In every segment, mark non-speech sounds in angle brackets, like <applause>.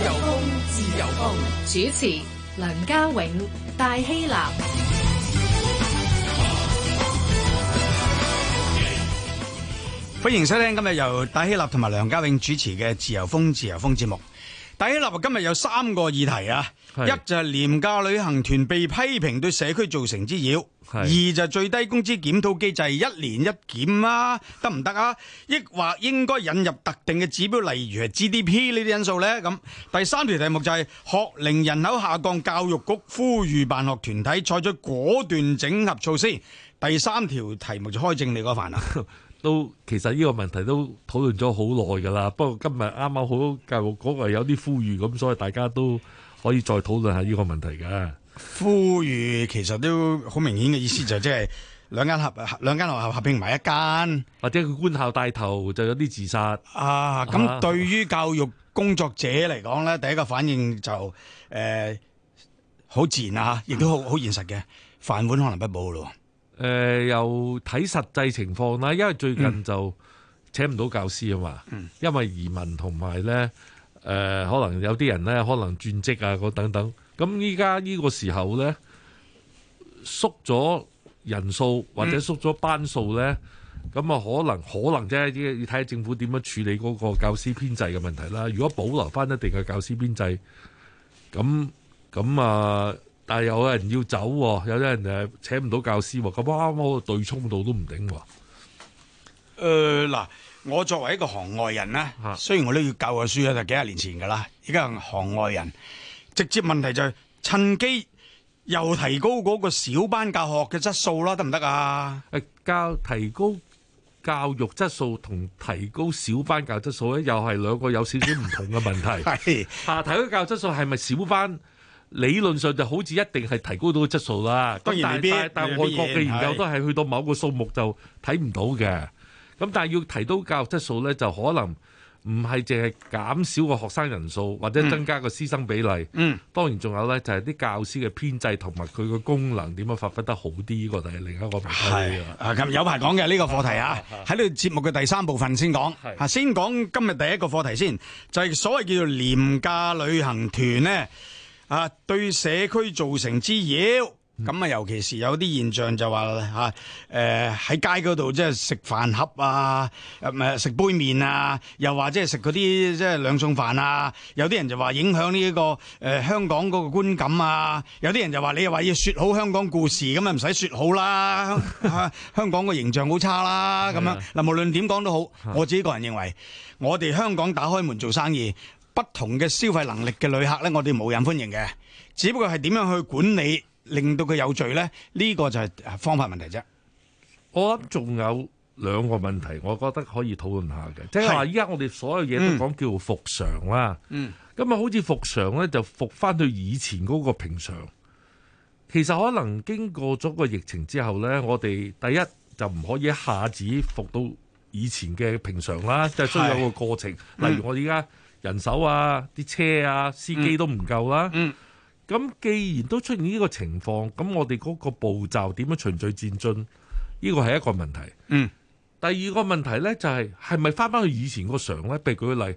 自由風，自由風。主持梁家永、戴希立，歡迎收聽今日由戴希立同埋梁家永主持嘅《自由風，自由風》節目。第一立今日有三個議題啊，一就係廉價旅行團被批評對社區造成滋擾；二就係最低工資檢討機制，一年一檢啊，得唔得啊？抑或應該引入特定嘅指標，例如係 GDP 呢啲因素呢？咁第三條題目就係學齡人口下降，教育局呼籲辦學團體採取果斷整合措施。第三條題目就開正你嗰瓣啦。 <laughs> 都其實呢個問題都討論咗好耐噶啦，不過今日啱啱好教育局話有啲呼籲，咁所以大家都可以再討論下呢個問題嘅。呼籲其實都好明顯嘅意思就是兩間，就即係兩間合兩間學校合併埋一間，或者佢官校帶頭就有啲自殺。啊，咁對於教育工作者嚟講咧， <laughs> 第一個反應就誒好、呃、自然啊，亦都好好現實嘅飯碗可能不保咯。誒、呃、又睇實際情況啦，因為最近就請唔到教師啊嘛、嗯，因為移民同埋呢，誒、呃，可能有啲人呢，可能轉職啊，嗰等等。咁依家呢個時候呢，縮咗人數或者縮咗班數呢，咁、嗯、啊可能可能啫，要睇下政府點樣處理嗰個教師編制嘅問題啦。如果保留返一定嘅教師編制，咁咁啊～但係又有人要走，有啲人誒，請唔到教師，咁啱啱好對沖到都唔頂。誒，嗱，我作為一個行外人咧，雖然我都要教下書啦，就幾廿年前噶啦。而家行外人直接問題就係趁機又提高嗰個小班教學嘅質素啦，得唔得啊？誒，教，提高教育質素同提高小班教質素咧，又係兩個有少少唔同嘅問題。係，啊，提高教育質素係咪小班？理論上就好似一定係提高到質素啦，但但但外國嘅研究都係去到某個數目就睇唔到嘅。咁、嗯、但係要提到教育質素咧，就可能唔係淨係減少個學生人數，或者增加個師生比例。嗯，當然仲有咧，就係、是、啲教師嘅編制同埋佢個功能點樣發揮得好啲，呢、這個就係另一個問題。係啊，咁、嗯、有排講嘅呢個課題啊，喺、啊、呢個節目嘅第三部分先講吓，先講今日第一個課題先，就係、是、所謂叫做廉價旅行團咧。啊，對社區造成滋擾，咁啊，尤其是有啲現象就話、是、嚇，喺、啊呃、街嗰度即係食飯盒啊，唔、啊、食杯麵啊，又或者即係食嗰啲即係兩餸飯啊，有啲人就話影響呢、這個誒、呃、香港嗰個觀感啊，有啲人就話你又話要説好香港故事，咁啊，唔使説好啦，香港個形象好差啦、啊，咁樣嗱， <laughs> 無論點講都好，我自己個人認為，我哋香港打開門做生意。不同嘅消費能力嘅旅客咧，我哋冇人歡迎嘅。只不過係點樣去管理，令到佢有罪咧？呢、這個就係方法問題啫。我諗仲有兩個問題，我覺得可以討論下嘅，即係話依家我哋所有嘢都講叫做復常啦。嗯，咁啊，好似復常咧，就復翻到以前嗰個平常。其實可能經過咗個疫情之後咧，我哋第一就唔可以一下子復到以前嘅平常啦，即、就、係、是、需要有個過程。例如我依家。人手啊，啲車啊，司機都唔夠啦。咁、嗯嗯、既然都出現呢個情況，咁我哋嗰個步驟點樣循序漸進？呢個係一個問題、嗯。第二個問題咧就係係咪翻翻去以前個常咧？譬如舉個例、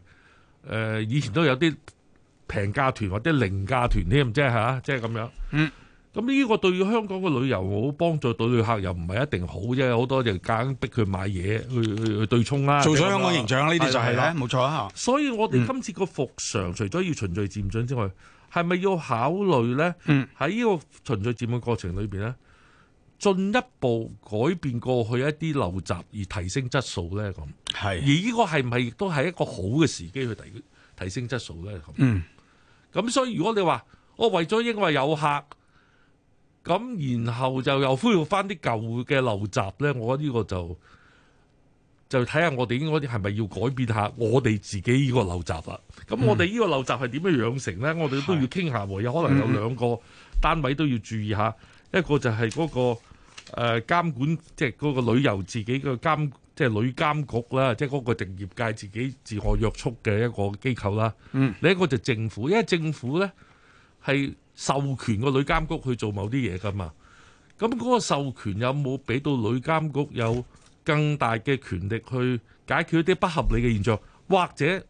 呃，以前都有啲平價團或者零價團添，即係嚇，即係咁樣。嗯咁、這、呢個對香港嘅旅遊好幫助，到旅客又唔係一定好啫。好多就夾硬逼佢買嘢，去去對沖啦，做咗香港形象呢啲就係啦，冇錯啊。所以我哋今次個復常、嗯，除咗要循序漸進之外，係咪要考慮咧？喺呢個循序漸嘅過程裏面，咧、嗯，進一步改變過去一啲陋習而提升質素咧，咁。係而呢個係咪亦都係一個好嘅時機去提提升質素咧？嗯。咁所以如果你話我為咗因為有客，咁，然後就又恢復翻啲舊嘅陋習咧。我覺得呢個就就睇下我哋應該啲係咪要改變下我哋自己呢個陋習啦。咁我哋呢個陋習係點樣養成咧、嗯？我哋都要傾下有可能有兩個單位都要注意下、嗯。一個就係嗰、那個誒、呃、監管，即係嗰個旅遊自己嘅監，即係旅監局啦，即係嗰個定業界自己自我約束嘅一個機構啦、嗯。另一個就政府，因為政府咧係。授權個旅監局去做某啲嘢噶嘛？咁嗰個授權有冇俾到旅監局有更大嘅權力去解決一啲不合理嘅現象，或者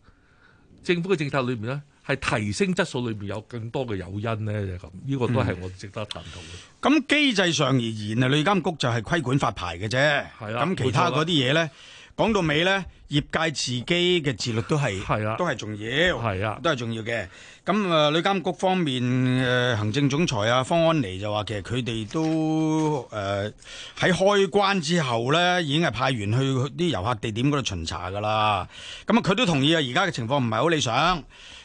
政府嘅政策裏面咧係提升質素裏面有更多嘅誘因咧？咁呢、這個都係我值得探討嘅。咁、嗯、機制上而言啊，旅監局就係規管發牌嘅啫。係啦。咁其他嗰啲嘢咧。講到尾呢，業界自己嘅自律都係，都係重要，都係重要嘅。咁啊，旅監局方面誒，行政總裁啊，方安妮就話，其實佢哋都誒喺、呃、開關之後呢已經係派員去啲遊客地點嗰度巡查噶啦。咁啊，佢都同意啊，而家嘅情況唔係好理想。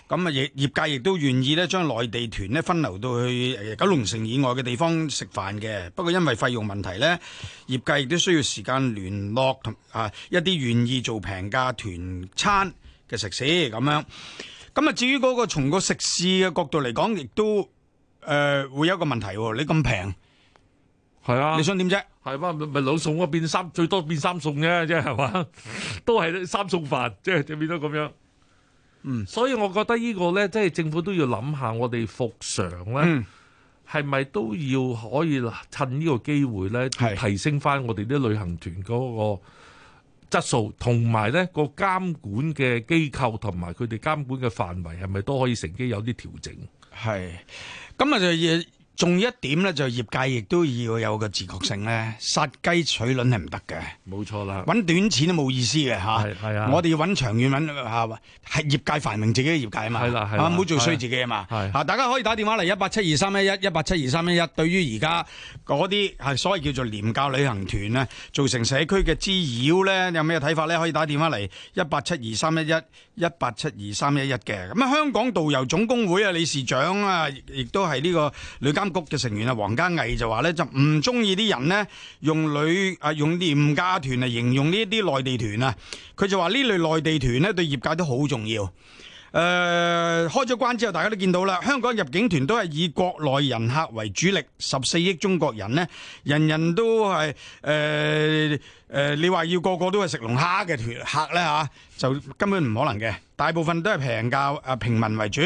咁啊，業界亦都願意咧，將內地團咧分流到去誒九龍城以外嘅地方食飯嘅。不過因為費用問題咧，業界亦都需要時間聯絡同啊一啲願意做平價團餐嘅食肆咁樣。咁啊，至於嗰、嗰個從個食肆嘅角度嚟講，亦都誒、呃、會有一個問題喎。你咁平，係啊？你想點啫？係吧，咪老兩餸變三，最多變三餸啫，即係係嘛？ <laughs> 都係三餸飯，即係就、變到咁樣。嗯、所以我覺得這個呢個呢，即係政府都要諗下，我哋復常呢，係咪都要可以趁這個機呢個機會呢，提升翻我哋啲旅行團嗰個質素，同埋呢個監管嘅機構同埋佢哋監管嘅範圍，係咪都可以乘機有啲調整？係，咁啊就。仲一點咧，就業界亦都要有個自覺性咧，殺雞取卵係唔得嘅。冇錯啦，揾短錢都冇意思嘅吓。係係啊，我哋要揾長遠，揾吓係業界繁榮、啊啊啊，自己嘅業界啊嘛。係啦係啊，唔好做衰自己啊嘛。係啊，大家可以打電話嚟一八七二三一一一八七二三一一。對於而家嗰啲係所謂叫做廉價旅行團咧，造成社區嘅滋擾咧，有咩睇法咧？可以打電話嚟一八七二三一一一八七二三一一嘅。咁啊，香港導遊總工會啊，理事長啊，亦都係呢個旅監局嘅成員啊，黃家和就話咧就唔中意啲人咧用女啊用廉價團嚟形容呢啲內地團啊，佢就話呢類內地團咧對業界都好重要。誒，開咗關之後，大家都見到啦，香港入境團都係以國內人客為主力，十四億中國人咧，人人都係誒誒，你話要個個都係食龍蝦嘅團客咧吓，就根本唔可能嘅，大部分都係平價啊平民為主。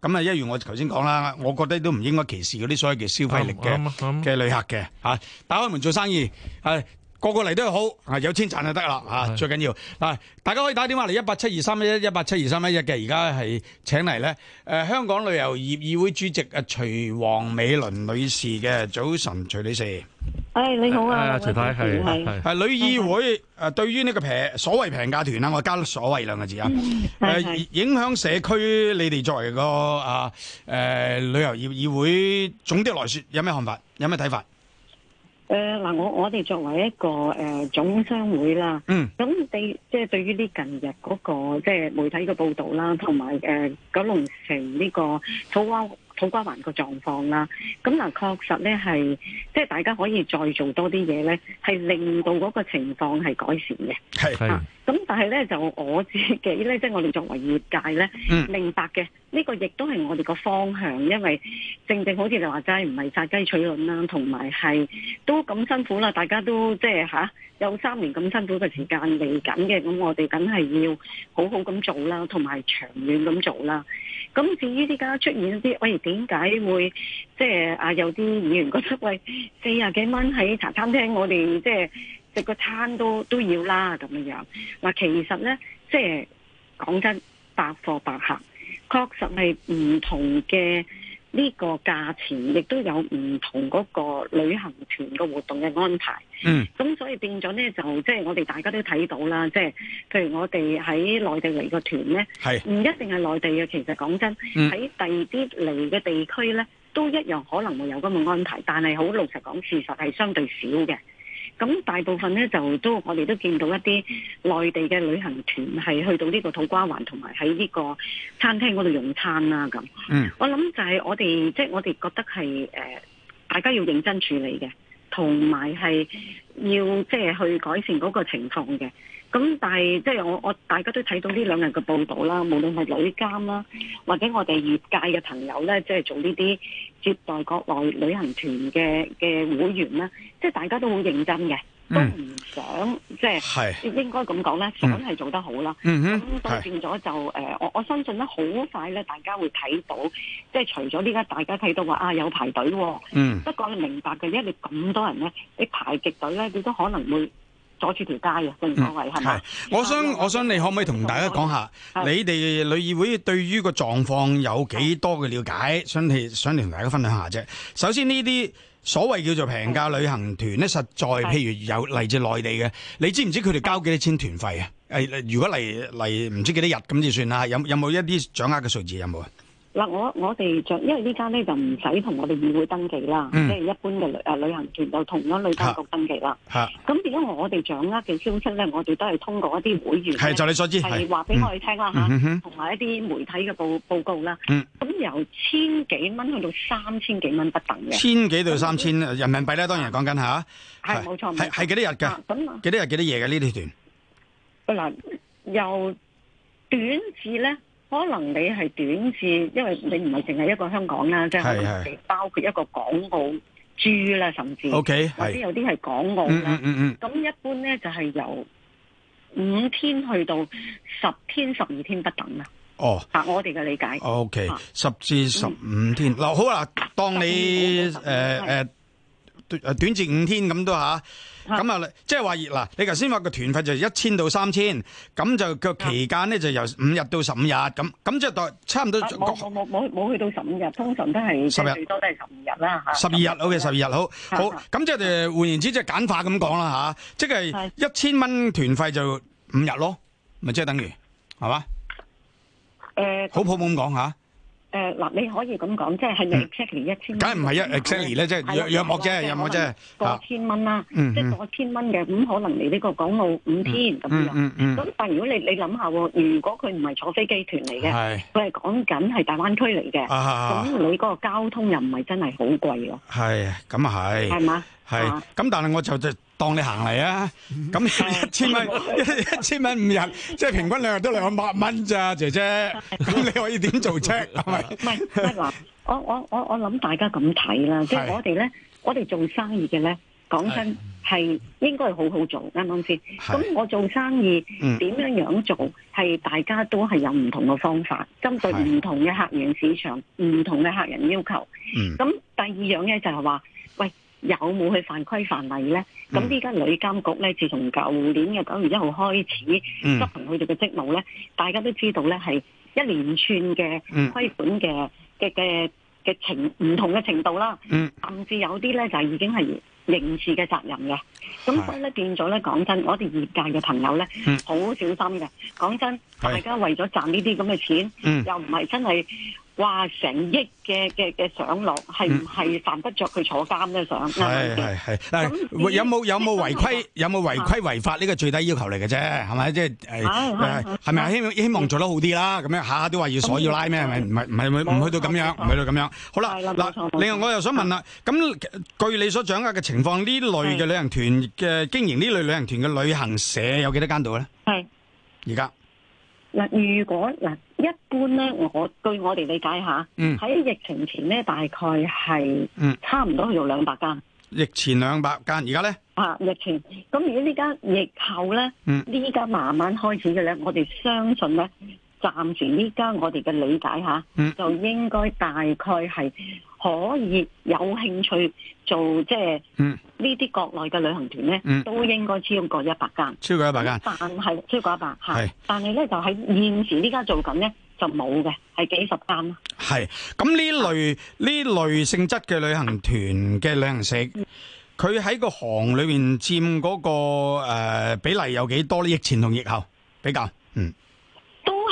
咁啊，一如我頭先講啦，我覺得都唔應該歧視嗰啲所謂嘅消費力嘅嘅旅客嘅吓，um, um, um. 打開門做生意係。個個嚟都好，啊有錢賺就得啦，啊最緊要。啊大家可以打電話嚟一八七二三一一一八七二三一一嘅，而家係請嚟咧。誒，香港旅遊業議會主席啊，徐王美倫女士嘅早晨，徐女士。誒、hey,，你好啊。係、哎、啊、呃，徐太係。係女議會誒，對於呢個平所謂平價團啊，我加了所謂兩個字啊。係、呃、影響社區，你哋作為個啊誒、呃呃、旅遊業議會，總的來說有咩看法？有咩睇法？誒、呃、嗱，我我哋作為一個誒、呃、總商會啦，嗯，咁你即係對於呢近日嗰、那個即係媒體嘅報導啦，同埋誒九龍城呢、這個土灣草土瓜灣個狀況啦，咁嗱確實咧係，即係大家可以再做多啲嘢咧，係令到嗰個情況係改善嘅。係係。咁、啊、但係咧，就我自己咧，即係我哋作為業界咧、嗯，明白嘅呢、呢個亦都係我哋個方向，因為正正好似你話齋，唔係殺雞取卵啦，同埋係都咁辛苦啦，大家都即係吓、啊，有三年咁辛苦嘅時間嚟緊嘅，咁我哋梗係要好好咁做啦，同埋長遠咁做啦。咁至於而家出現啲，不、哎點解會即係啊？有啲議員覺得喂，四廿幾蚊喺茶餐廳我們，我哋即係食個餐都都要啦咁樣樣。嗱，其實咧即係講真，百貨百客確實係唔同嘅。呢個價錢亦都有唔同嗰個旅行團嘅活動嘅安排，嗯，咁所以變咗呢，就即係我哋大家都睇到啦，即係譬如我哋喺內地嚟個團呢，唔一定係內地嘅。其實講真，喺第二啲嚟嘅地區呢，都一樣可能會有咁嘅安排，但係好老實講事實係相對少嘅。咁大部分咧就都，我哋都見到一啲內地嘅旅行團係去到呢個土瓜灣，同埋喺呢個餐廳嗰度用餐啦。咁。嗯，我諗就係我哋，即係我哋覺得係誒，大家要認真處理嘅，同埋係要即係去改善嗰個情況嘅。咁但係即係我我大家都睇到呢兩日嘅報道啦，無論係旅監啦，或者我哋業界嘅朋友咧，即係做呢啲接待國內旅行團嘅嘅會員啦，即係大家都好認真嘅，都唔想、嗯、即係應該咁講咧，想係做得好啦。咁變咗就我、呃、我相信咧，好快咧，大家會睇到，即係除咗呢家大家睇到話啊有排隊、哦嗯，不過你明白嘅，因為你咁多人咧，你排極隊咧，你都可能會。阻住條街啊！令到我係，係我想，我想你可唔可以同大家講下，你哋旅議會對於個狀況有幾多嘅瞭解？想嚟，想嚟同大家分享下啫。首先呢啲所謂叫做平價旅行團咧，實在譬如有嚟自內地嘅，你知唔知佢哋交幾多錢團費啊？誒，如果嚟嚟唔知幾多日咁就算啦。有有冇一啲掌握嘅數字有冇啊？嗱，我我哋就，因為呢家咧就唔使同我哋議會登記啦，即、嗯、係一般嘅旅誒旅行團就同咗旅遊局登記啦。咁，而家我哋掌握嘅消息咧，我哋都係通過一啲會員，係就你所知，係話俾我哋聽啦吓，同、嗯、埋一啲媒體嘅報報告啦。咁、嗯、由千幾蚊去到三千幾蚊不等嘅，千幾到三千，三千人民幣咧，當然係講緊吓，係冇錯，係係幾多日嘅，幾、啊、多日幾多夜嘅呢條團？不難，由短至咧。可能你係短至，因為你唔係淨係一個香港啦，即係包括一個港澳珠啦，甚至 okay, 或者有啲有啲係港澳啦。咁、嗯、一般咧就係由五天去到十天、十二天不等啦。哦，但我哋嘅理解，OK，十至十五天嗱、嗯，好啦，當你誒誒、呃、短誒短至五天咁都嚇。咁、嗯就是，啊，即係話，嗱，你頭先話個團費就一千到三千，咁就個期間咧就由五日到十五日咁，咁即係代差唔多。冇冇去到十五日，通常都係十日，最多都係十二日啦。吓，十二日好嘅，十二日好，好，咁即係換言之，即係，就是，簡化咁講啦，吓、啊，即係一千蚊團費就五、是、日咯，咪即係等於係嘛？誒、嗯，好普普咁講吓。啊誒、呃、嗱，你可以咁講，即係係咪 exactly 一千？梗係唔係啊？exactly 咧，即係約約莫啫，約莫啫，過千蚊啦，即係過千蚊嘅，咁可能嚟呢個港澳五天咁、嗯、樣。咁、嗯嗯嗯、但係如果你你諗下，如果佢唔係坐飛機團嚟嘅，佢係講緊係大灣區嚟嘅，咁、啊、你嗰個交通又唔係真係好貴咯。係咁啊，係、嗯。係嘛？係咁、嗯嗯，但係我就。當你行嚟啊，咁、嗯嗯、一千蚊、嗯、一千蚊五日，嗯、五人 <laughs> 即係平均兩日都兩百蚊咋，姐姐，咁、 <laughs> 嗯、你可以點做啫？唔、嗯、咪？唔 <laughs> 係，嗱，我我我我諗大家咁睇啦，即係我哋咧，我哋做生意嘅咧，講真係應該係好好做，啱啱先？咁我做生意點樣、嗯、樣做，係大家都係有唔同嘅方法，針對唔同嘅客源市場、唔同嘅客人要求。咁、嗯、第二樣嘢就係話。有冇去犯規犯例咧？咁呢間旅監局咧，自從舊年嘅九月一號開始執行佢哋嘅職務咧，大家都知道咧，係一連串嘅規管嘅嘅嘅嘅情唔同嘅程度啦、嗯。甚至有啲咧就已經係刑事嘅責任嘅。咁所以咧變咗咧，講真，我哋業界嘅朋友咧，好、嗯、小心嘅。講真，大家為咗賺呢啲咁嘅錢，嗯、又唔係真係。哇！成億嘅嘅嘅上落，係唔係犯不著佢坐監咧？上係係係，但係有冇有冇違規？有冇違規違法？呢個最低要求嚟嘅啫，係咪？即係誒，係咪？希希望做得好啲啦。咁樣下下都話要鎖要拉咩？係咪？唔係唔係唔去到咁樣，唔去到咁樣。好啦，嗱，另外我又想問啦。咁據你所掌握嘅情況，呢類嘅旅行團嘅經營，呢類旅行團嘅旅行社有幾多間度咧？係而家嗱，如果嗱。一般咧，我據我哋理解下，嗯，喺疫情前咧，大概係差唔多去到兩百間。嗯、疫前兩百間，而家咧啊，疫情咁，如果呢間疫後咧，呢、嗯、間慢慢開始嘅咧，我哋相信咧。暫時呢家我哋嘅理解吓、嗯，就應該大概係可以有興趣做即係呢啲國內嘅旅行團咧、嗯，都應該超過一百間，超過一百間。但係超過一百係，但係咧就喺現時現呢家做緊咧就冇嘅，係幾十間咯。係咁呢類呢類性質嘅旅行團嘅旅行社，佢、嗯、喺個行裏面佔嗰、那個誒、呃、比例有幾多呢疫前同疫後比較，嗯。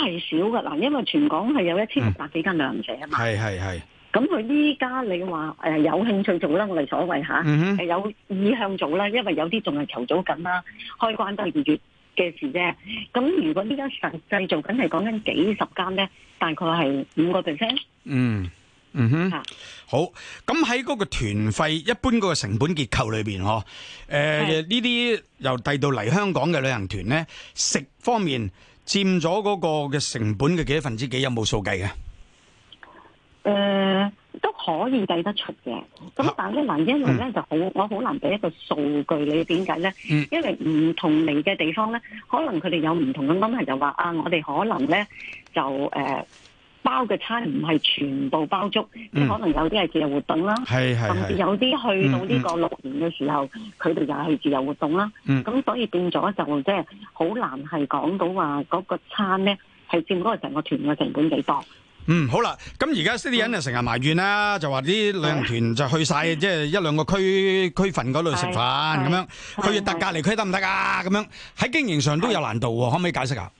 係少噶嗱，因為全港係有一千六百幾間旅行社啊嘛。係係係。咁佢依家你話誒有興趣做啦，我哋所謂吓，係有意向做啦。因為有啲仲係籌組緊啦，開關都係二月嘅事啫。咁如果依家實際做緊，係講緊幾十間咧，大概係五個 percent。嗯嗯哼。吓好。咁喺嗰個團費一般嗰個成本結構裏邊，嗬？誒呢啲由第度嚟香港嘅旅行團咧，食方面。佔咗嗰個嘅成本嘅幾多分之幾，有冇數計嘅？誒，都可以計得出嘅。咁但係難，因為咧就好，我好難俾一個數據你。點解咧？因為唔同嚟嘅地方咧，可能佢哋有唔同嘅問題，就話啊，我哋可能咧就誒。包嘅餐唔係全部包足，嗯、即可能有啲係自由活動啦，甚至有啲去到呢個六年嘅時候，佢哋又係自由活動啦。咁、嗯、所以變咗就即係好難係講到話嗰個餐咧係佔嗰個成個團嘅成本幾多。嗯，好啦，咁而家啲人就成日埋怨啦、嗯，就話啲旅行團就去晒即係一兩個區、嗯、區份嗰度食飯咁樣，樣去特隔離區得唔得啊？咁樣喺經營上都有難度，可唔可以解釋啊？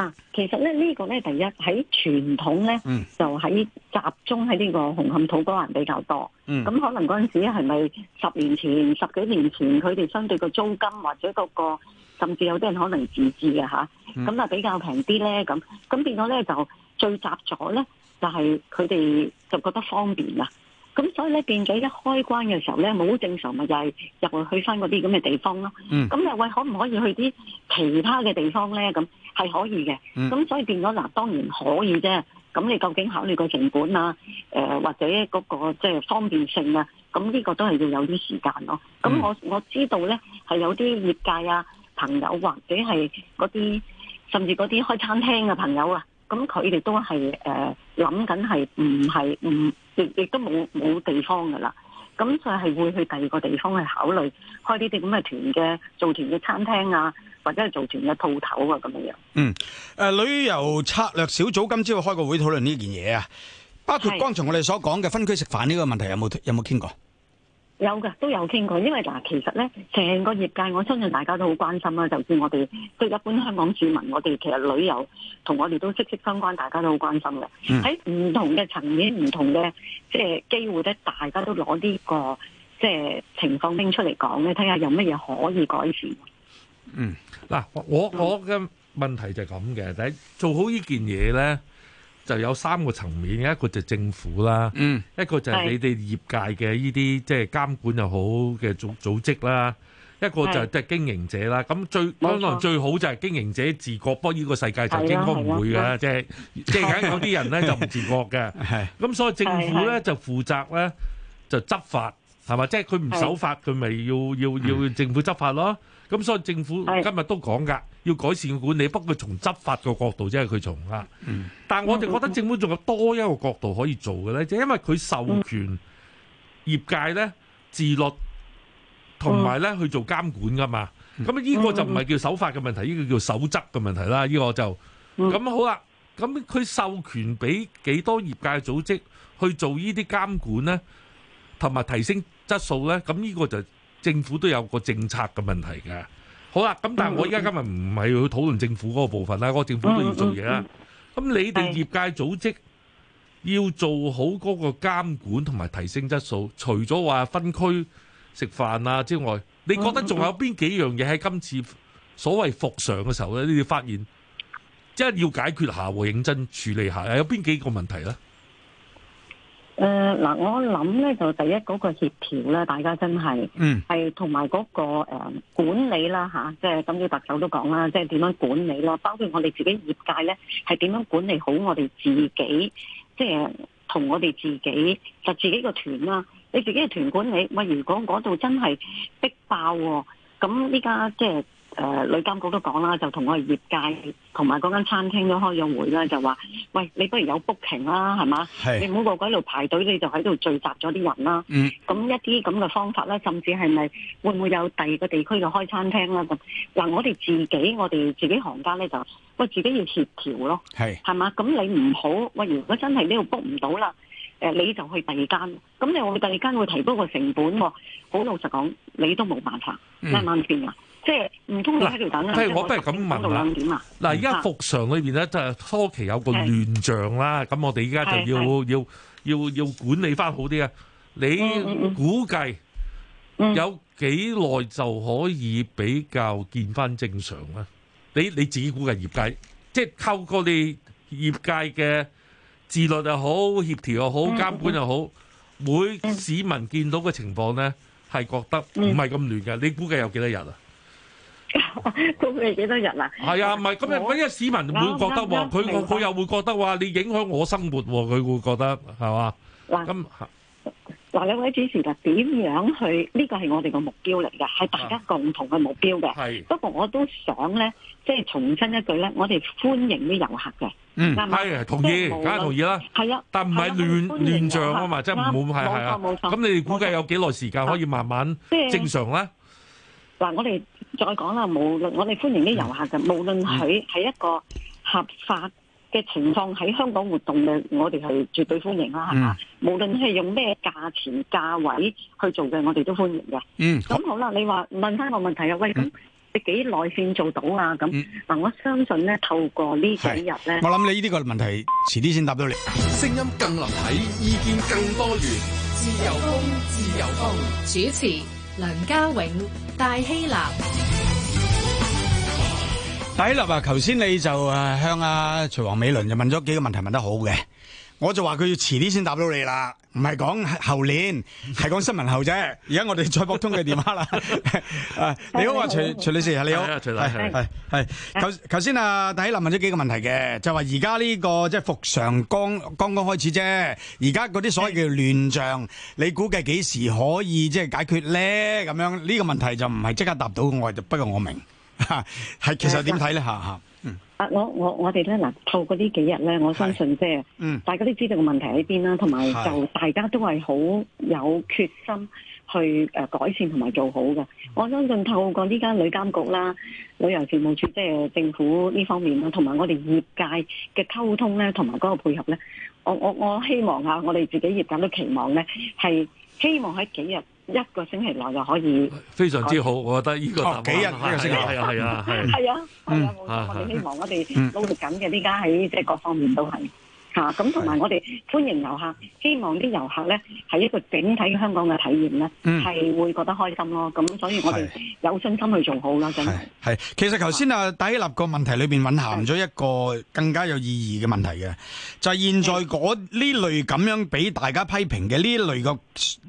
嗱，其實咧呢、呢個咧，第一喺傳統咧、嗯，就喺集中喺呢個紅磡土瓜灣比較多。咁、嗯、可能嗰陣時係咪十年前、十幾年前佢哋相對個租金或者嗰、嗰個，甚至有啲人可能自置嘅嚇，咁、嗯、啊比較平啲咧，咁咁變咗咧就聚集咗咧，就係佢哋就覺得方便啊。咁所以咧，變咗一開關嘅時候咧，冇正常咪就係、是、入去翻嗰啲咁嘅地方咯。咁又喂，可唔可以去啲其他嘅地方咧？咁係可以嘅。咁、嗯、所以變咗嗱，當然可以啫。咁你究竟考慮個成本啊？誒、呃、或者嗰、那個即係、呃那個呃、方便性啊？咁呢個都係要有啲時間咯。咁我我知道咧係有啲業界啊朋友或者係嗰啲甚至嗰啲開餐廳嘅朋友啊，咁佢哋都係誒諗緊係唔係唔？呃亦亦都冇冇地方噶啦，咁佢係會去第二個地方去考慮開呢啲咁嘅團嘅做團嘅餐廳啊，或者係做團嘅鋪頭啊咁樣樣。嗯，誒、呃，旅遊策略小組今朝開個會討論呢件嘢啊，包括剛才我哋所講嘅分區食飯呢個問題有冇有冇傾過？有嘅，都有傾過。因為嗱，其實咧，成個業界我相信大家都好關心啦。就算我哋即一般香港市民，我哋其實旅遊同我哋都息息相關，大家都好關心嘅。喺、嗯、唔同嘅層面、唔同嘅即係機會咧，大家都攞呢、呢個即係情況拎出嚟講咧，睇下有乜嘢可以改善。嗯，嗱，我我嘅問題就係咁嘅，但係做好件事呢件嘢咧。就有三個層面，一個就政府啦、嗯，一個就係你哋業界嘅呢啲即係監管又好嘅組組織啦，一個就即係經營者啦。咁、嗯、最當然最好就係經營者自覺，不過呢個世界就應該唔會嘅，即係即係有啲人咧就唔自覺嘅。咁、啊、所以政府咧、啊、就負責咧就執法。係嘛，即係佢唔守法，佢咪要要要政府執法咯。咁、嗯、所以政府今日都講噶要改善管理。不過從執法個角度即係，佢從啦。但係我哋覺得政府仲有多一個角度可以做嘅咧，即係因為佢授權業界咧自律，同埋咧去做監管噶嘛。咁呢個就唔係叫守法嘅問題，呢個叫守則嘅問題啦。呢個就咁好啦。咁佢授權俾幾多業界組織去做呢啲監管咧，同埋提升，質素呢，咁呢個就政府都有個政策嘅問題嘅。好啦，咁但係我而家今日唔係去討論政府嗰個部分啦，個政府都要做嘢啦。咁你哋業界組織要做好嗰個監管同埋提升質素，除咗話分區食飯啊之外，你覺得仲有邊幾樣嘢喺今次所謂復常嘅時候呢？你哋發現即係要解決下，認真處理下，有邊幾個問題呢？誒，嗱，我諗咧就第一嗰，那個協調咧，大家真係係同埋嗰個誒、呃、管理啦吓，即係咁，今次，就是，特首都講啦，即係點樣管理咯，包括我哋自己的業界咧，係點樣管理好我哋自己，即係同我哋自己就，自己個團啦，你自己嘅團管理，喂，如果嗰度真係逼爆喎，咁依家，即係。就是誒、呃，旅監局都講啦，就同我哋業界同埋嗰間餐廳都開咗會啦，就話，喂，你不如有 booking 啦、啊，係嘛？你唔好個個喺度排隊，你就喺度聚集咗啲人啦、啊。咁、嗯、一啲咁嘅方法咧，甚至係咪會唔會有第二個地區嘅開餐廳啦咁，嗱，我哋自己，我哋自己行家咧，就喂自己要協調咯，係咪？嘛？咁你唔好喂，如果真係呢度 book 唔到啦，你就去第二間。咁你去第二間會提高個成本喎、啊。好老實講，你都冇辦法啱唔啱先啊！即係唔通呢條等啊？不如我不如咁問啦。嗱，依家復常裏邊咧，就係初期有個亂象啦。咁我哋依家就要要要要管理翻好啲啊。你估計有幾耐就可以比較見翻正常咧？你你自己估計業界，即係透過你業界嘅自律又好，協調又好，監管又好，每市民見到嘅情況咧，係覺得唔係咁亂嘅。你估計有幾多日啊？咁你幾多日啊？係啊，唔係咁又，咁因為市民會覺得喎，佢佢又會覺得話你影響我生活，佢會覺得，係嘛？嗱咁，嗱兩位主持就點樣去？呢個係我哋個目標嚟噶，係大家共同嘅目標嘅。係、啊。不過我都想咧，即係重申一句咧，我哋歡迎啲遊客嘅。嗯，係、啊、同意，梗係同意啦。係啊，但唔係亂亂象啊嘛，即係冇係係啊。咁你哋估計有幾耐時間可以慢慢正常咧？啊、我哋再講啦，無論我哋歡迎啲遊客嘅、嗯，無論佢係一個合法嘅情況喺香港活動嘅，我哋係絕對歡迎啦，係、嗯、嘛？無論係用咩價錢價位去做嘅，我哋都歡迎嘅。嗯，咁好啦，你話問翻個問題啊？喂，咁、嗯、你幾耐先做到啊？咁嗱，嗯、那我相信咧，透過這幾天呢幾日咧，我諗你呢啲個問題遲啲先答到你。聲音更立體，意見更多元，自由風，自由風主持。梁家永，戴希立，戴希立啊！頭先你就誒向阿徐王美倫就問咗幾個問題，問得好嘅。我就話佢要遲啲先答到你啦，唔係講後年，係講新聞後啫。而家我哋再撥通嘅電話啦。 <laughs> 你好， <laughs> 徐徐女士，你好，係，係，係。頭頭先啊，一林問咗幾個問題嘅，就話而家呢個即係、就是、復常剛剛剛開始啫。而家嗰啲所謂嘅亂象， <laughs> 你估計幾時可以即係解決咧？咁樣呢、呢個問題就唔係即刻答到我，不過我明，係 <laughs> 其實點睇咧？嚇嚇。我我我哋咧嗱，透過呢幾日咧，我相信即係、嗯、大家都知道個問題喺邊啦，同埋就大家都係好有決心去誒改善同埋做好嘅。我相信透過呢間旅監局啦、旅遊事務處即係政府呢方面啦，同埋我哋業界嘅溝通咧，同埋嗰個配合咧，我我我希望吓，我哋自己業界都期望咧，係希望喺幾日。一個星期內就可以，非常之好。我覺得呢個、哦、幾日，幾日先落？係 <laughs> 啊，係啊，啊。 <laughs> <laughs> 我哋希望我哋努力緊嘅，依家喺即係各方面都係。 <laughs> 嚇咁同埋我哋歡迎遊客，希望啲遊客咧係一個整體嘅香港嘅體驗咧，係會覺得開心咯。咁所以我哋有信心去做好啦，真係。係其實頭先啊，第一立個問題裏邊蘊含咗一個更加有意義嘅問題嘅，就係現在嗰呢類咁樣俾大家批評嘅呢類嘅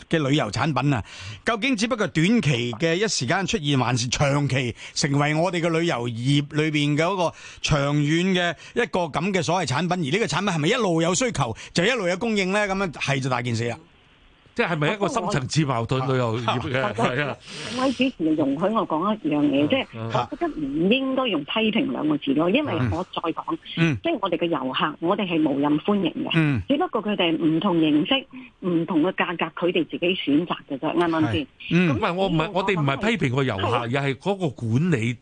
嘅旅遊產品啊，究竟只不過短期嘅一時間出現，還是長期成為我哋嘅旅遊業裏邊嘅一個長遠嘅一個咁嘅所謂產品？而呢個產品係咪一？一路有需求就一路有供應咧，咁樣係就大件事啦。即係係咪一個深層次矛盾都有嘅？係啊。咁位主持容許我講一樣嘢，即、嗯、係、就係、我覺得唔應該用批評兩個字咯，因為我再講，嗯、即係我哋嘅遊客，我哋係無任歡迎嘅、嗯。只不過佢哋唔同形式、唔同嘅價格，佢哋自己選擇嘅啫，啱啱先？咁、嗯、唔、嗯嗯、我唔係我哋唔係批評個遊客，而係嗰個管理。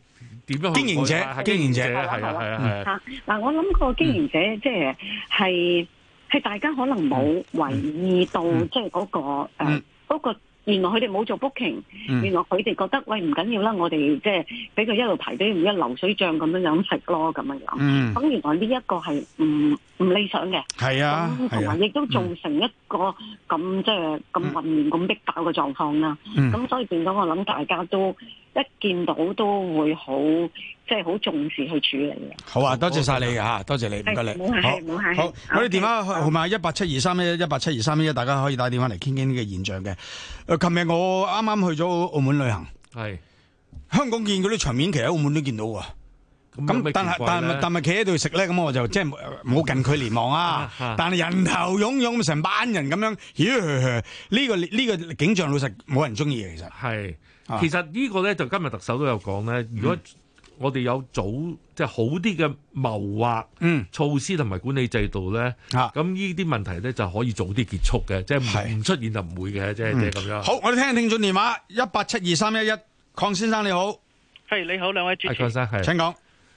經營者，經營者係啦係啦，嚇嗱！我諗個經營者即係係係大家可能冇留意到，即係嗰個誒嗰個、嗯嗯、原來佢哋冇做 booking、嗯、原來佢哋覺得喂唔緊要啦，我哋即係俾佢一路排隊，唔一流水帳咁樣飲食咯，咁樣樣。咁原來呢一個係唔唔理想嘅，係、嗯嗯、啊，同埋亦都造成一個咁即係咁混亂、咁、嗯、逼爆嘅狀況啦。咁、嗯、所以變咗，我諗大家都。一見到都會好，即係好重視去處理嘅。好啊，多謝晒你嚇、哦，多謝你唔該你。冇、哎、係，冇客氣，冇客氣，好，好好 okay, 我哋電話號碼一八七二三一一八七二三一一，okay, 172 3, 172 3, 大家可以打電話嚟傾傾呢個現象嘅。誒、呃，琴日我啱啱去咗澳門旅行，係香港見嗰啲場面，其實澳門都見到喎。咁，但係但係但係企喺度食咧，咁我就即係冇近距離望啊。 <laughs> 但係人頭涌涌，成班人咁樣，呢、呢個呢、呢個景象，老實冇人中意嘅，其實係。啊、其實個呢個咧就今日特首都有講咧，如果我哋有早即係、就是、好啲嘅謀劃、措施同埋管理制度咧，咁呢啲問題咧就可以早啲結束嘅，即係唔出現就唔會嘅，即係即係咁樣。好，我哋聽聽眾電話一八七二三一一，鄺先生你好，係、hey, 你好，兩位主持，係，請講。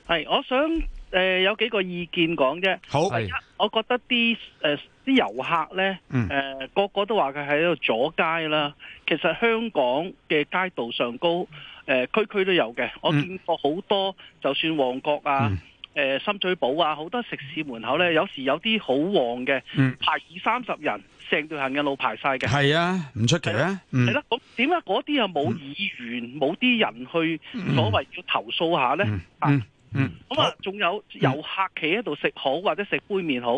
係、hey, 我想誒、呃、有幾個意見講啫。好，hey. 我覺得啲誒。呃啲遊客呢，誒、嗯呃、個個都話佢喺度阻街啦。其實香港嘅街道上高，誒、呃、區區都有嘅。我見過好多、嗯，就算旺角啊、誒、嗯呃、深水埗啊，好多食肆門口呢，有時有啲好旺嘅、嗯，排二三十人，成條行人路排晒嘅。係啊，唔出奇啊。係、嗯、咯，咁點解嗰啲又冇議員，冇、嗯、啲人去所謂要投訴下呢？嗯。嗯啊嗯嗯，咁啊，仲、嗯、有遊客企喺度食好或者食杯麵好，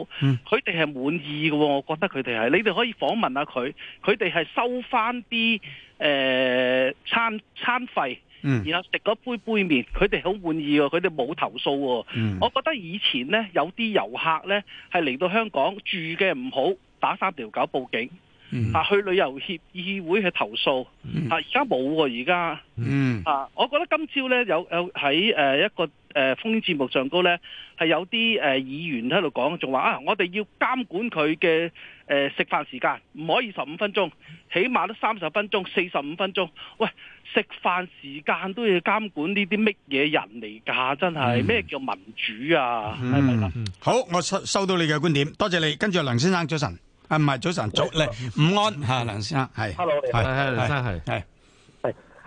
佢哋係滿意嘅喎，我覺得佢哋係，你哋可以訪問下佢，佢哋係收翻啲誒餐餐費，嗯、然後食咗杯杯麵，佢哋好滿意喎，佢哋冇投訴喎、嗯，我覺得以前呢，有啲遊客呢係嚟到香港住嘅唔好，打三條九報警，嗯、啊去旅遊協議會去投訴，嗯、啊而家冇喎而家，嗯，啊我覺得今朝呢，有有喺、呃、一個。誒、呃，烽煙節目上高咧，係有啲誒、呃、議員喺度講，仲話啊，我哋要監管佢嘅誒食飯時間，唔可以十五分鐘，起碼都三十分鐘、四十五分鐘。喂，食飯時間都要監管呢啲乜嘢人嚟㗎？真係咩叫民主啊？係咪啊？好，我收收到你嘅觀點，多謝你。跟住梁先生早晨啊，唔係早晨早嚟，午、嗯、安嚇、啊、梁先生係。Hello，係你係係梁生係。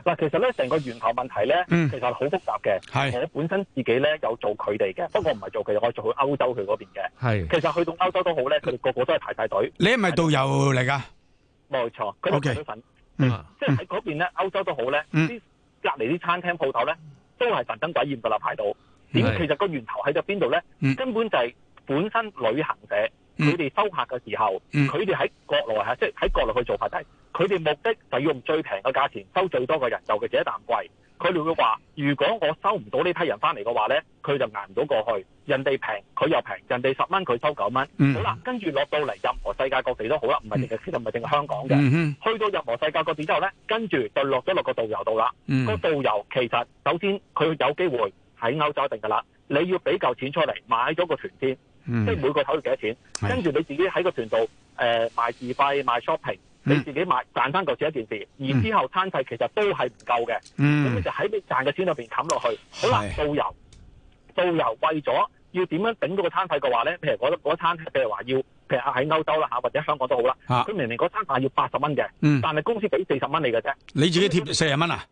嗱，其實咧，成個源頭問題咧、嗯，其實好複雜嘅。我本身自己咧有做佢哋嘅，不過唔係做佢哋，其實我做去歐洲去嗰邊嘅。係，其實去到歐洲都好咧，佢哋個，個個都係排晒隊。你係咪導遊嚟噶？冇錯，佢哋排隊等。嗯，即係喺嗰邊咧，歐洲都好咧，啲、嗯、隔嚟籬啲餐廳鋪頭咧，都係神憎鬼厭噶啦，排到。點？其實個源頭喺咗邊度咧、嗯？根本就係本身旅行社。佢、嗯、哋收客嘅時候，佢哋喺國內吓、嗯，即係喺國內去做客，但係佢哋目的就要用最平嘅價錢收最多嘅人，尤其係一啖貴，佢哋會話：如果我收唔到呢批人翻嚟嘅話咧，佢就捱唔到過去。人哋平，佢又平，人哋十蚊佢收九蚊、嗯。好啦，跟住落到嚟任何世界各地都好啦，唔係淨係，其實唔係淨係香港嘅、嗯嗯。去到任何世界各地之後咧，跟住就落咗落個導遊度啦。個、嗯、導遊其實首先佢有機會喺歐洲定噶啦，你要俾夠錢出嚟買咗個團先。嗯、即係每個頭要幾多錢，跟住你自己喺個團度誒賣自費賣 shopping，你自己賣賺翻夠錢一件事、嗯，而之後餐費其實都係唔夠嘅，咁、嗯、你就喺你賺嘅錢裏邊冚落去。好啦，導遊，導遊為咗要點樣頂到個餐費嘅話咧，譬如嗰嗰餐譬如話要譬如喺歐洲啦吓，或者香港都好啦，佢明明嗰餐飯要八十蚊嘅，但係公司俾四十蚊你嘅啫，你自己貼四十蚊啊？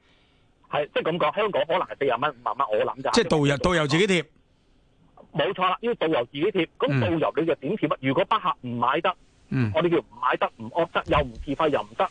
係即係咁講，香港可能係四十蚊五十蚊，慢慢我諗就即係導遊導遊自己貼。冇錯啦，要導遊自己貼，咁導遊你就點貼乜？如果賓客唔買得，嗯，我哋叫唔買得唔惡得，又唔自費又唔得，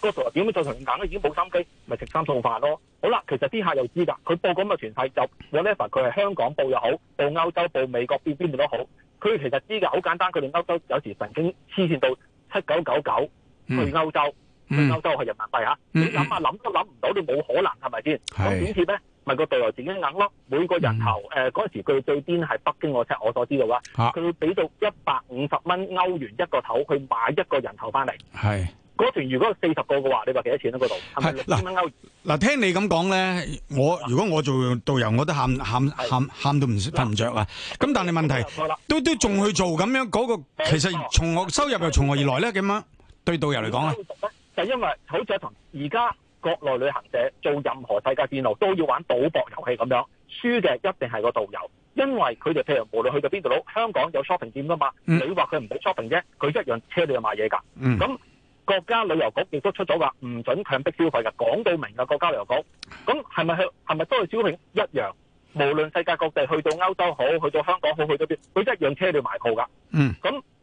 個導遊點樣再強硬都已經冇心機，咪食三餸飯咯。好啦，其實啲客又知噶，佢報咁嘅團費就有 level，佢係香港報又好，報歐洲、報美國邊邊度都好，佢其實知噶，好簡單，佢哋歐洲有時曾經黐線到七九九九去歐洲，嗯、去歐洲係、嗯、人民幣吓、嗯啊，你諗下諗都諗唔到，你冇可能係咪先？咁點貼咧？咪個導遊自己壓咯，每個人頭，誒嗰陣時佢最癲係北京，我赤我所知道啊，佢會俾到一百五十蚊歐元一個頭去買一個人頭翻嚟。係嗰團如果四十個嘅話，你話幾多錢喺嗰度？係咪兩蚊歐元？嗱聽你咁講咧，我如果我做導遊，我都喊喊喊喊到唔瞓唔着啊！咁但係問題都都仲去做咁樣嗰、那個，其實從我收入又從何而來咧？咁樣對導遊嚟講啊，就是、因為好似同而家。國內旅行社做任何世界線路都要玩賭博遊戲咁樣，輸嘅一定係個導遊，因為佢哋譬如無論去到邊度都好，香港有 shopping 店㗎嘛，嗯、你話佢唔俾 shopping 啫，佢一樣車你去買嘢㗎。咁、嗯、國家旅遊局亦都出咗㗎，唔准強迫消費㗎，講到明㗎國家旅遊局，咁係咪係咪都係招聘一樣？無論世界各地去到歐洲好，去到香港好，去到邊，佢一樣車你去埋鋪㗎。咁、嗯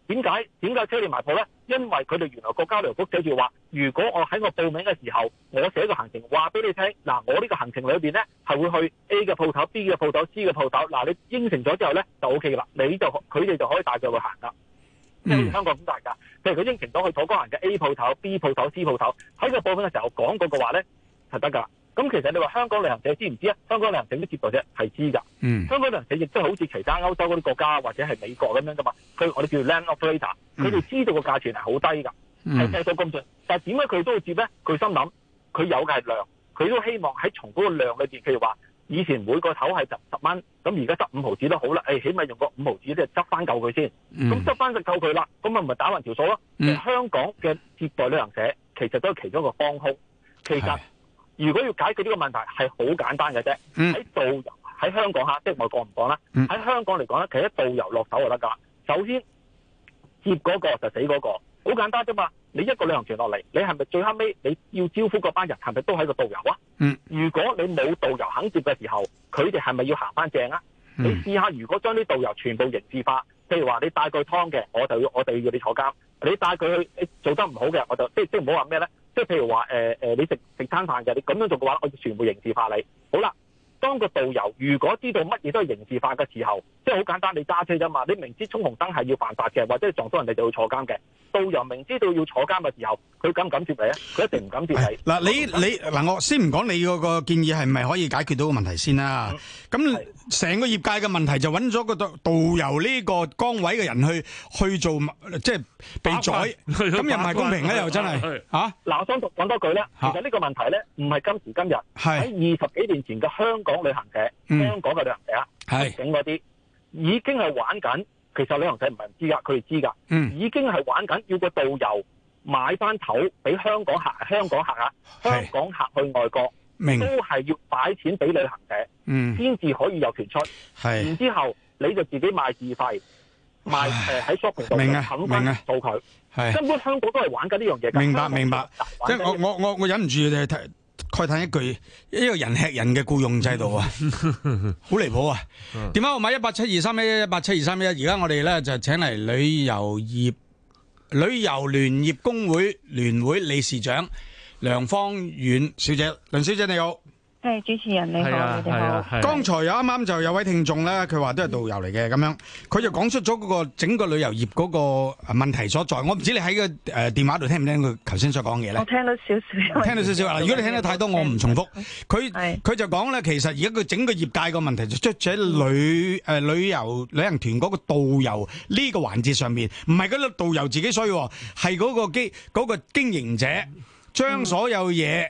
點解點解車你埋鋪咧？因為佢哋原來國家旅遊局寫住話，如果我喺我報名嘅時候，我寫一個行程話俾你聽，嗱，我呢個行程裏邊咧係會去 A 嘅鋪頭、B 嘅鋪頭、C 嘅鋪頭，嗱，你應承咗之後咧就 OK 噶啦，你就佢哋就可以帶佢去行啦，即、嗯、係香港咁大噶。譬如佢應承到去土瓜灣嘅 A 鋪頭、B 鋪頭、C 鋪頭，喺個報名嘅時候講過嘅話咧，就得噶。咁其實你話香港旅行社知唔知啊？香港旅行社都接待者？係知噶。香港旅行社亦都好似其他歐洲嗰啲國家或者係美國咁樣噶嘛。佢我哋叫 land operator，佢、嗯、哋知道個價錢係好低噶，係睇到公信。但係點解佢都會接咧？佢心諗佢有嘅係量，佢都希望喺從嗰量裏邊，譬如話以前每個頭係十十蚊，咁而家十五毫紙都好啦。誒、哎，起碼用個五毫紙即係執翻夠佢先。咁執翻就夠佢啦。咁啊，唔係打橫條數咯。嗯、香港嘅接待旅行社其實都係其中一個方空，其實。如果要解決呢個問題係好簡單嘅啫，喺、嗯、導遊喺香港嚇，即係我講唔講啦？喺、嗯、香港嚟講咧，其實導遊落手就得噶啦。首先接嗰個就死嗰、嗰個，好簡單啫嘛。你一個旅行團落嚟，你係咪最後尾你要招呼嗰班人，係咪都係個導遊啊？嗯、如果你冇導遊肯接嘅時候，佢哋係咪要行翻正啊？你試下如果將啲導遊全部刑事化，譬如話你帶個湯嘅，我就要我哋要你坐監。你帶佢去，你做得唔好嘅，我就即係即係唔好話咩咧？即譬如話，誒誒你食食餐飯嘅，你咁樣做嘅話，我就全部刑事化你。好啦。當個導遊如果知道乜嘢都係刑事化嘅時候，即係好簡單，你揸車啫嘛，你明知衝紅燈係要犯法嘅，或者撞到人哋就要坐監嘅，導遊明知道要坐監嘅時候，佢敢唔敢接你啊？佢一定唔敢接你。嗱，你你嗱，我先唔講你嗰個建議係咪可以解決到個問題先啦。咁成個業界嘅問題就揾咗個導導遊呢個崗位嘅人去去做，即係被宰，咁又唔係公平咧？又真係嚇。嗱，我想再講多句咧。其實呢個問題咧，唔係今時今日係喺二十幾年前嘅香港。講旅行社，嗯、香港嘅旅行社啊，整嗰啲已經係玩緊。其實旅行社唔係唔知噶，佢哋知噶、嗯，已經係玩緊。要個導遊買翻頭俾香港客，香港客啊，香港客去外國，都係要擺錢俾旅行社，嗯，先至可以有權出。係，然之後你就自己賣自費，賣誒喺 shopping 度抌佢。係、啊啊啊啊啊啊，根本香港都係玩緊呢樣嘢。明白，明白，明白。即係我我我我忍唔住咧睇。你慨嘆一句：一個人吃人嘅僱傭制度 <laughs> 譜啊，好離譜啊！電話號碼一八七二三一一八七二三一一？而家我哋咧就請嚟旅遊業旅遊聯業工會聯會理事長梁芳遠小姐，梁小姐你好。係主持人你好，你好。剛才有啱啱就有位聽眾咧，佢話都係導遊嚟嘅，咁樣佢就講出咗嗰個整個旅遊業嗰個問題所在。我唔知你喺個誒電話度聽唔聽佢頭先所講嘅嘢咧？我聽到少少，聽到少少。如果你聽得太多，我唔重複。佢佢就講咧，其實而家佢整個業界個問題就出咗喺旅誒旅遊旅行團嗰個導遊呢個環節上面，唔係嗰個導遊自己衰，係嗰個經嗰個經營者將所有嘢。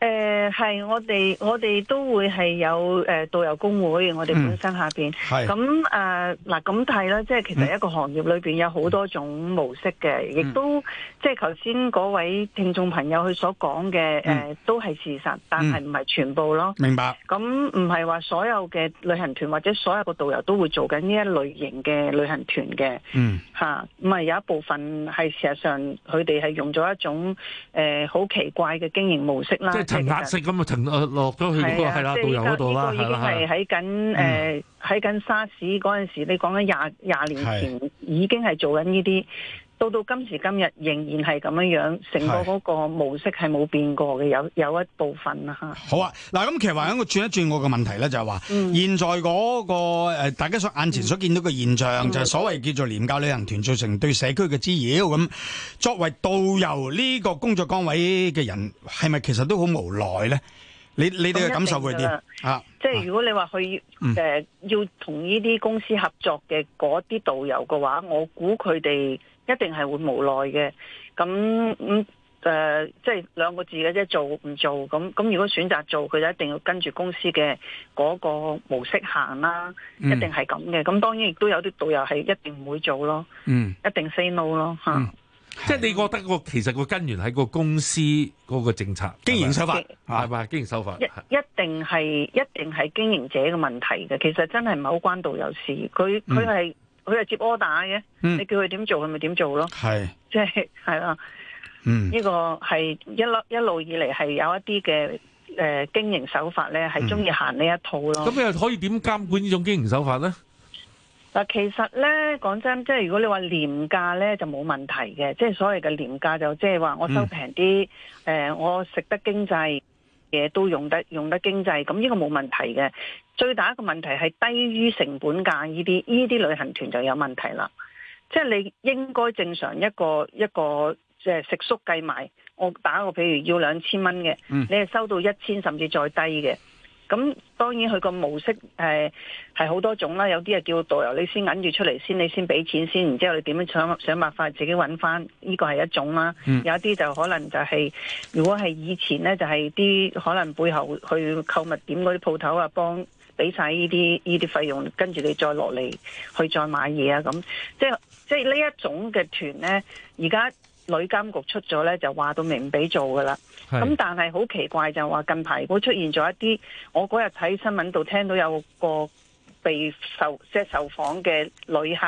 誒、呃，係我哋，我哋都會係有誒、呃、導遊工會，我哋本身下邊，咁啊嗱咁睇啦，即係其實一個行業裏邊有好多種模式嘅，亦都、嗯、即係頭先嗰位聽眾朋友佢所講嘅誒，都係事實，但係唔係全部咯。嗯、明白。咁唔係話所有嘅旅行團或者所有個導遊都會做緊呢一類型嘅旅行團嘅。嗯。吓、啊，唔係有一部分係事實上佢哋係用咗一種誒好、呃、奇怪嘅經營模式啦。層壓式咁啊！層壓落咗去嗰個係啦、啊，導遊嗰度啦，係、這、咪、個？係喺、啊呃、緊誒、嗯，喺緊沙士嗰陣時你講緊廿廿年前已經係做緊呢啲。到到今時今日仍然係咁樣樣，成個嗰個模式係冇變過嘅，有有一部分啊，嚇。好啊，嗱咁其實話喺我轉一轉我嘅問題咧，就係話，現在嗰、嗰個、呃、大家所眼前所見到嘅現象，就係所謂叫做廉價旅行團造、嗯、成對社區嘅滋擾咁。咁作為導遊呢個工作崗位嘅人，係咪其實都好無奈咧？你你哋嘅感受係點啊？即係如果你話去誒要同呢啲公司合作嘅嗰啲導遊嘅話，我估佢哋。一定係會無奈嘅，咁咁誒，即係兩個字嘅啫，做唔做？咁咁如果選擇做，佢就一定要跟住公司嘅嗰個模式行啦，嗯，一定係咁嘅。咁當然亦都有啲導遊係一定唔會做咯，嗯，一定 say no 咯，吓，嗯。即係你覺得個其實個根源喺個公司嗰個政策經營手法，係咪經營手法？一一定係一定係經營者嘅問題嘅。其實真係唔係好關導遊事，佢佢係。佢係接 order 嘅、嗯，你叫佢點做，佢咪點做咯。係，即係係咯，呢、嗯這個係一路一路以嚟係有一啲嘅，誒、呃、經營手法咧，係中意行呢一套咯。咁、嗯、你又可以點監管呢種經營手法咧？嗱，其實咧講真，即係如果你話廉價咧，就冇問題嘅。即係所謂嘅廉價，就即係話我收平啲，誒、嗯呃、我食得經濟。嘢都用得用得經濟，咁呢個冇問題嘅。最大一個問題係低於成本價，呢啲呢啲旅行團就有問題啦。即係你應該正常一個一個即係食宿計埋，我打個譬如要兩千蚊嘅，你係收到一千甚至再低嘅。咁當然佢個模式誒係好多種啦，有啲係叫導遊你先揀住出嚟先，你先俾錢先，然之後你點樣想想辦法自己揾翻，呢個係一種啦。嗯、有啲就可能就係、是、如果係以前呢，就係、是、啲可能背後去購物點嗰啲鋪頭啊，幫俾晒呢啲呢啲費用，跟住你再落嚟去再買嘢啊咁。即即呢一種嘅團呢，而家。旅監局出咗咧，就話到明唔俾做噶啦。咁但係好奇怪就話近排如果出現咗一啲，我嗰日睇新聞度聽到有個被受即係受訪嘅旅客，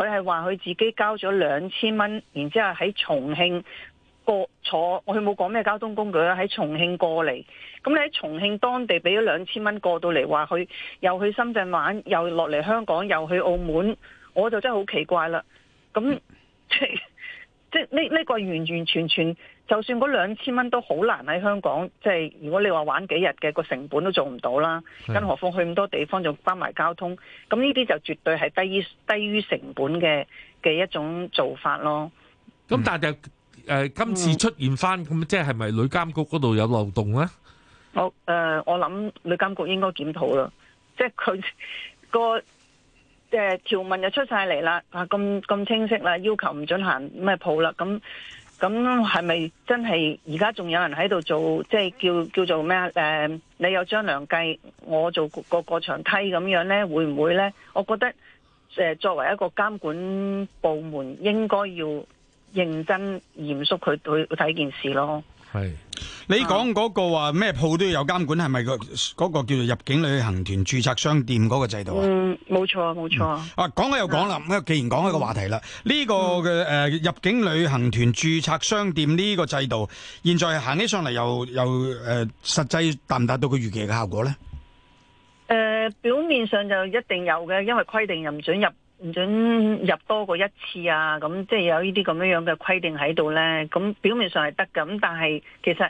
佢係話佢自己交咗兩千蚊，然之後喺重慶過坐，佢冇講咩交通工具啦，喺重慶過嚟。咁你喺重慶當地俾咗兩千蚊過到嚟，話佢又去深圳玩，又落嚟香港，又去澳門，我就真係好奇怪啦。咁即 <laughs> 即係呢呢個完完全全，就算嗰兩千蚊都好難喺香港，即係如果你話玩幾日嘅個成本都做唔到啦，更何況去咁多地方仲包埋交通，咁呢啲就絕對係低於低於成本嘅嘅一種做法咯。咁、嗯嗯、但係就誒、呃、今次出現翻咁，嗯、即係係咪旅監局嗰度有漏洞咧？我誒、呃，我諗旅監局應該檢討啦，即係佢個。誒條文又出晒嚟啦，啊咁咁清晰啦，要求唔准行咩鋪啦，咁咁係咪真係而家仲有人喺度做，即係叫叫做咩啊、呃？你有張良計，我做個過牆梯咁樣咧，會唔會咧？我覺得、呃、作為一個監管部門，應該要認真嚴肅佢去睇件事咯。係，你講嗰個話咩鋪都要有監管，係咪個嗰個叫做入境旅行團註冊商店嗰個制度啊？嗯，冇錯，冇錯、嗯。啊，講開又講啦，咁既然講開個話題啦，呢、這個嘅誒、呃、入境旅行團註冊商店呢個制度，現在行起上嚟又又誒、呃、實際達唔達到佢預期嘅效果咧？誒、呃，表面上就一定有嘅，因為規定又唔准入。唔准入多過一次啊！咁即係有呢啲咁樣嘅規定喺度呢，咁表面上係得㗎，咁但係其實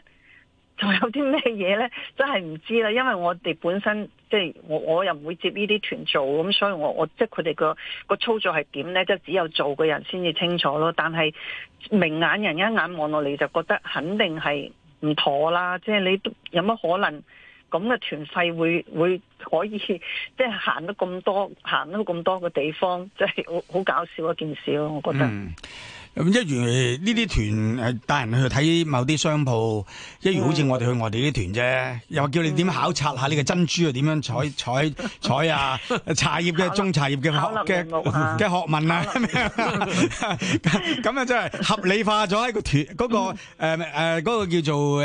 仲有啲咩嘢呢？真係唔知啦。因為我哋本身即係我我又唔會接呢啲團做，咁所以我我即係佢哋個個操作係點呢？即係只有做嘅人先至清楚咯。但係明眼人一眼望落嚟就覺得肯定係唔妥啦，即係你都有乜可能？咁嘅團費會會可以即係行得咁多，行得咁多個地方，即係好好搞笑一件事咯，我覺得。嗯一如呢啲團誒帶人去睇某啲商鋪，一如好似我哋去外地啲團啫，又叫你點考察下呢個珍珠啊點樣採採採啊，茶葉嘅中茶葉嘅學嘅嘅、啊、學問啊，咁啊真係合理化咗喺個團嗰、嗰個誒誒、呃嗰個、叫做誒誒、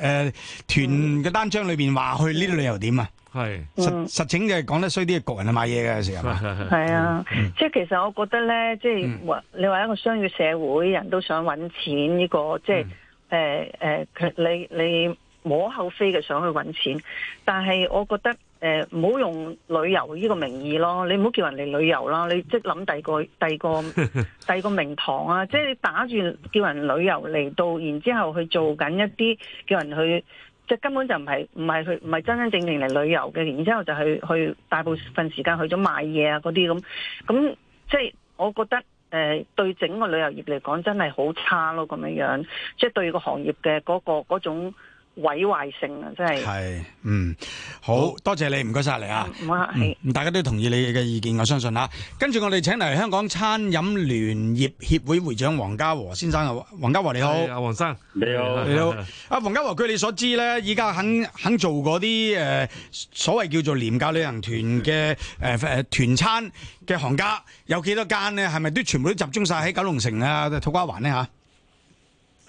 呃、團嘅單張裏邊話去呢啲旅遊點啊！係、嗯，實實情就係講得衰啲，個人去買嘢嘅有時候。係啊，嗯、即係其實我覺得咧，即係話、嗯、你話一個商業社會，人都想搵錢呢、這個，即係誒誒，你你無可厚非嘅想去搵錢，但係我覺得誒唔好用旅遊呢個名義咯，你唔好叫人嚟旅遊啦，你即係諗第二個第二個 <laughs> 第二個名堂啊！即係你打住叫人旅遊嚟到，然之後去做緊一啲叫人去。即根本就唔係唔係去唔係真真正正嚟旅遊嘅，然之後就去去大部分時間去咗買嘢啊嗰啲咁，咁即係我覺得誒、呃、對整個旅遊業嚟講真係好差咯咁樣樣，即係對個行業嘅嗰、嗰個嗰種。毀壞性啊，真係係，嗯，好，好多謝你，唔該晒你啊。唔、嗯、客氣、嗯，大家都同意你嘅意見，我相信啊。跟住我哋請嚟香港餐飲聯業協會會長黃家和先生啊，黃家和你好，阿黃、啊、生你好，你好。黃、啊啊、家和，據你所知咧，依家肯肯做嗰啲誒所謂叫做廉價旅行團嘅誒誒團餐嘅行家有幾多間呢？係咪都全部都集中晒喺九龍城啊、土瓜灣呢？吓？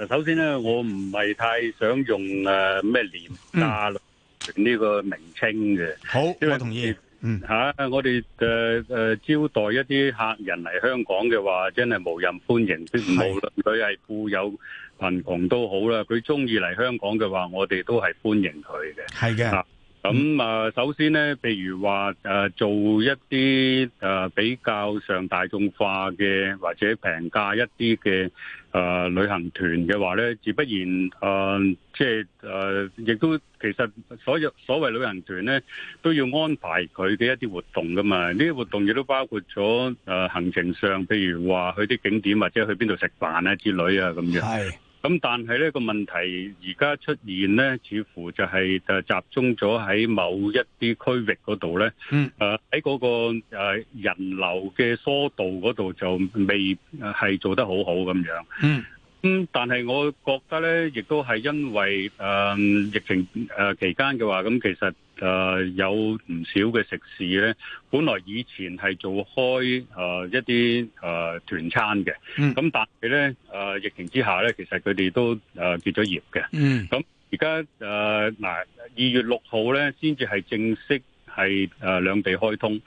首先咧，我唔係太想用誒咩廉價呢個名稱嘅。好、嗯，呢位同意。嚇、嗯啊，我哋誒誒招待一啲客人嚟香港嘅話，真係無任歡迎。即係無論佢係富有貧窮都好啦，佢中意嚟香港嘅話，我哋都係歡迎佢嘅。係嘅。啊咁啊，首先咧，譬如話誒，做一啲誒比較上大眾化嘅或者平價一啲嘅誒旅行團嘅話咧，自不然誒、呃，即係誒，亦、呃、都其實所有所謂旅行團咧，都要安排佢嘅一啲活動噶嘛。呢啲活動亦都包括咗誒、呃、行程上，譬如話去啲景點或者去邊度食飯啊之類啊咁樣。係咁但係呢個問題而家出現呢，似乎就係集中咗喺某一啲區域嗰度呢。誒喺嗰個誒人流嘅疏導嗰度就未係做得好好咁樣。嗯嗯但係我覺得咧，亦都係因為誒、嗯、疫情誒期間嘅話，咁其實誒、呃、有唔少嘅食肆咧，本來以前係做開誒、呃、一啲誒團餐嘅，咁、mm. 但係咧誒疫情之下咧，其實佢哋都誒、呃、結咗業嘅。嗯、咁而家誒嗱二月六號咧，先至係正式係誒兩地開通。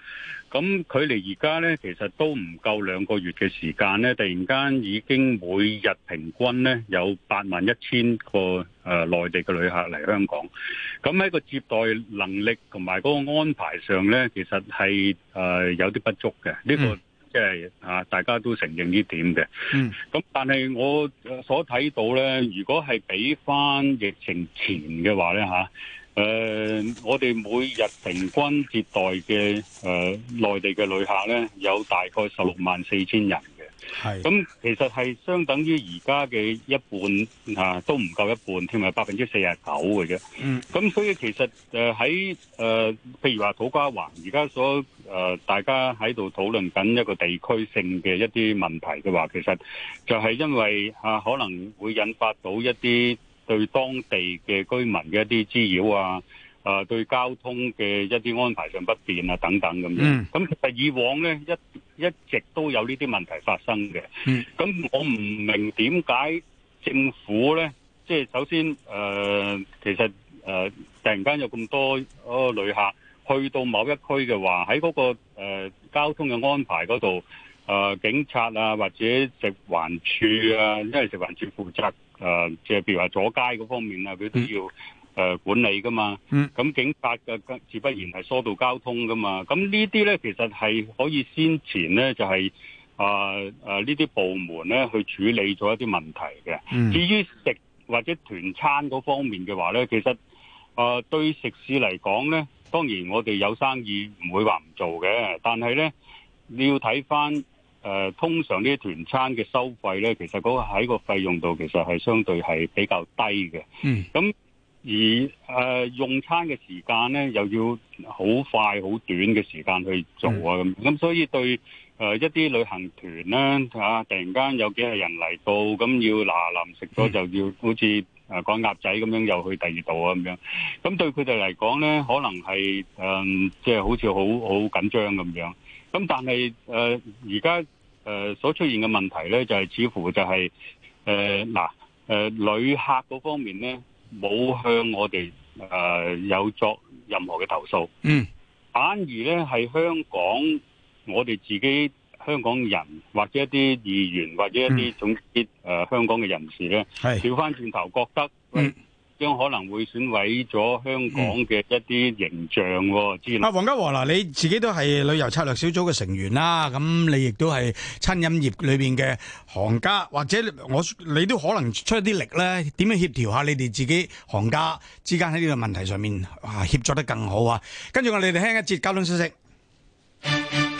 咁距離而家呢，其實都唔夠兩個月嘅時間呢，突然間已經每日平均呢有八萬一千個內地嘅旅客嚟香港。咁喺個接待能力同埋嗰個安排上呢，其實係、呃、有啲不足嘅。呢個即係啊，大家都承認呢點嘅。嗯。咁但係我所睇到呢，如果係畀翻疫情前嘅話呢，吓誒、呃，我哋每日平均接待嘅誒內地嘅旅客咧，有大概十六萬四千人嘅。係，咁其實係相等於而家嘅一半、啊、都唔夠一半添啊，百分之四十九嘅啫。嗯，咁所以其實誒喺誒譬如話土瓜灣而家所誒、呃、大家喺度討論緊一個地區性嘅一啲問題嘅話，其實就係因為、啊、可能會引發到一啲。對當地嘅居民嘅一啲滋擾啊，啊對交通嘅一啲安排上不便啊等等咁樣。咁其實以往呢，一一直都有呢啲問題發生嘅。咁我唔明點解政府呢，即係首先誒，其實誒突然間有咁多個旅客去到某一區嘅話，喺嗰個誒交通嘅安排嗰度，誒警察啊或者食環署啊，因為食環署負責。誒、呃，即係譬如話阻街嗰方面啊，佢都要誒、呃、管理噶嘛。咁、嗯、警察嘅自不然係疏導交通噶嘛。咁呢啲咧，其實係可以先前咧就係啊啊呢啲部門咧去處理咗一啲問題嘅。至於食或者團餐嗰方面嘅話咧，其實誒、呃、對食肆嚟講咧，當然我哋有生意唔會話唔做嘅，但係咧你要睇翻。誒、呃、通常啲團餐嘅收費呢，其實嗰、那、喺個費用度其實係相對係比較低嘅。嗯，咁、嗯、而誒、呃、用餐嘅時間呢，又要好快好短嘅時間去做啊咁。咁、嗯、所以對誒、呃、一啲旅行團呢，嚇、啊，突然間有幾十人嚟到，咁、嗯、要嗱臨食咗就要好似誒趕鴨仔咁樣又去第二度啊咁樣。咁對佢哋嚟講呢，可能係誒即係好似好好緊張咁樣。咁但係誒而家，呃誒、呃、所出現嘅問題咧，就係、是、似乎就係誒嗱誒旅客嗰方面咧，冇向我哋、呃、有作任何嘅投訴。嗯，反而咧係香港，我哋自己香港人或者一啲議員或者一啲總之誒、呃、香港嘅人士咧，調翻轉頭覺得、嗯。將可能會損毀咗香港嘅一啲形象喎、嗯。啊，黃家和嗱，你自己都係旅遊策略小組嘅成員啦，咁你亦都係餐飲業裏邊嘅行家，或者我你都可能出一啲力咧，點樣協調下你哋自己行家之間喺呢個問題上面啊協助得更好啊？跟住我哋嚟聽一節交通消息。